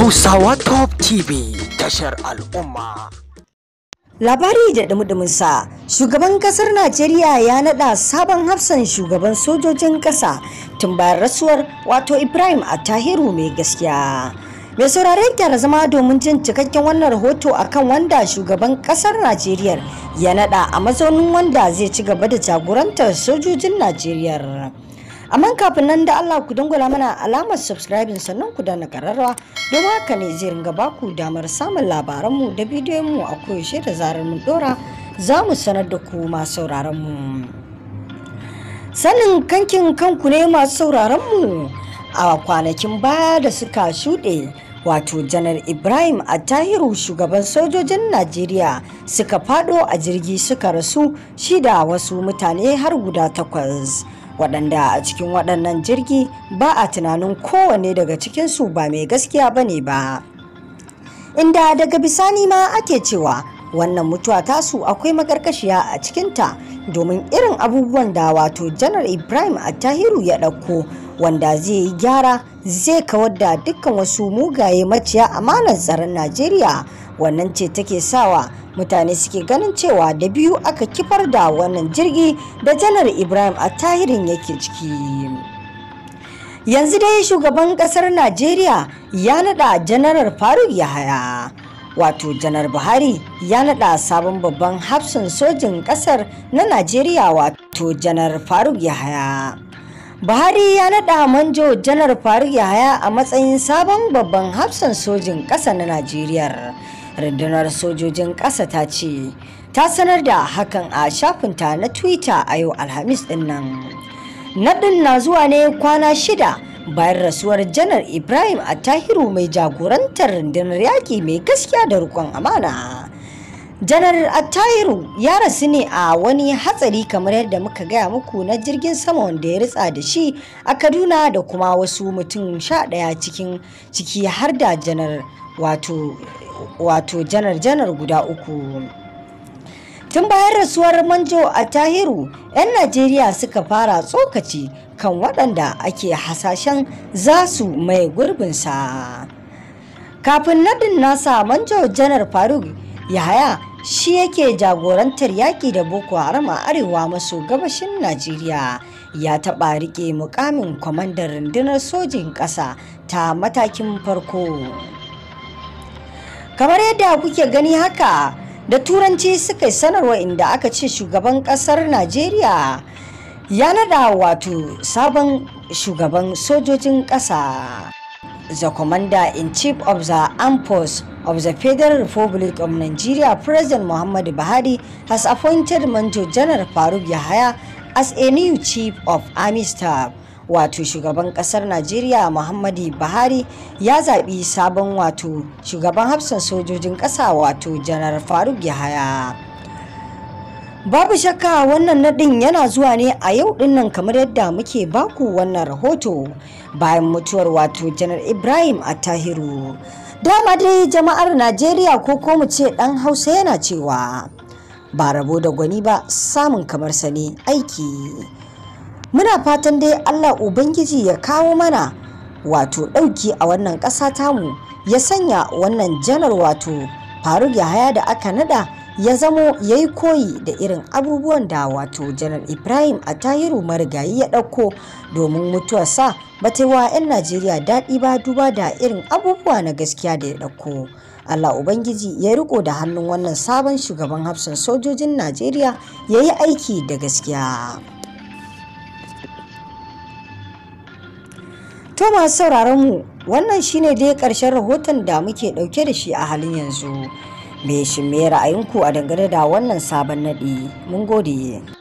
Hausawa Top TV tashar al'umma. Labari da sa shugaban kasar Najeriya ya nada sabon hafsan shugaban sojojin kasa tun bayan rasuwar wato Ibrahim tahiru mai gaskiya. Mai saurare gyara zama domin jin cikakken wannan rahoto akan wanda shugaban kasar Najeriya ya nada a mazaunin wanda zai ci gaba da jagorantar sojojin Najeriya. Aman kafin nan da Allah ku dangwala mana alamar subscribing sannan ku danna kararrawa don haka ne zai ringa baku damar samun labaranmu da bidiyon mu a koyaushe da zarar mun dora za mu sanar da ku masu sauraronmu. sanin kankin kanku ne masu sauraronmu mu a kwanakin baya da suka shuɗe wato janar ibrahim attahiru shugaban sojojin najeriya suka fado a jirgi suka rasu shida wasu mutane har guda takwas waɗanda a cikin waɗannan jirgi ba a tunanin kowanne daga cikinsu ba mai gaskiya ba ne ba inda daga bisani ma ake cewa wannan mutuwa tasu akwai makarkashiya a cikinta domin irin abubuwan da wato janar ibrahim attahiru ya ɗauko wanda zai yi gyara zai kawar da dukkan wasu mugaye maciya amanar tsaron najeriya wannan ce take sawa mutane suke ganin cewa da biyu aka kifar da wannan jirgi da janar ibrahim a tahirin yake ciki yanzu dai shugaban kasar najeriya ya nada janarar faruk yahaya wato janar buhari ya nada sabon babban hafsun sojin kasar na najeriya wato janar faruk yahaya Buhari ya naɗa manjo janar Faruk Yahaya a matsayin sabon babban hafsan sojin ƙasa na Najeriya. Rundunar sojojin ƙasa ta ce, ta sanar da hakan a shafinta na Twitter a yau Alhamis ɗin nan. Naɗin na zuwa ne kwana shida bayan rasuwar janar Ibrahim a tahiru mai jagorantar rundunar yaƙi mai gaskiya da riƙon amana. janar attahiru ya rasu ne a wani hatsari kamar yadda muka gaya muku na jirgin sama wanda ya ritsa da shi a kaduna da kuma wasu mutum sha daya cikin ciki har da janar wato janar janar guda uku tun bayan rasuwar manjo a tahiru 'yan najeriya suka fara tsokaci kan waɗanda ake hasashen za su mai gurbinsa kafin nadin nasa manjo janar faruk yahaya shi yake jagorantar yaƙi da boko haram a arewa maso gabashin najeriya ya taɓa riƙe mukamin kwamandan rundunar sojin ƙasa ta matakin farko kamar yadda kuke gani haka da turanci suka yi sanarwa inda aka ce shugaban ƙasar najeriya ya nada wato sabon shugaban sojojin ƙasa the commander in chief of the armed force of the Federal Republic of Nigeria, President Muhammad Buhari has appointed manjo General Faruk Yahaya as a new chief of army staff. Wato shugaban kasar Najeriya Muhammadu Buhari ya zaɓi sabon wato shugaban hafsan sojojin ƙasa wato Janar Faruk Yahaya. Babu shakka wannan naɗin yana zuwa ne a yau ɗinnan kamar yadda muke baku wannan rahoto bayan mutuwar wato janar Ibrahim Atahiru. Dama dai jama'ar Najeriya ko ko mu ce ɗan Hausa yana cewa ba rabo da gwani ba samun kamar sani aiki. Muna fatan dai Allah Ubangiji ya kawo mana wato ɗauki a wannan ƙasa tamu ya sanya wannan janar wato ya haya da aka nada ya zamo ya yi koyi da irin abubuwan da wato janar ibrahim a tahiru marigayi ya ɗauko domin mutuwarsa ba ta wa 'yan najeriya daɗi ba duba da irin abubuwa na gaskiya da ya ɗauko allah ubangiji ya riko da hannun wannan sabon shugaban hafsan sojojin najeriya ya yi aiki da gaskiya to masu sauraron mu wannan shine dai ƙarshen rahoton da muke ɗauke da shi a halin yanzu Me shi mai ra'ayinku a dangane da wannan sabon naɗi? Mun gode.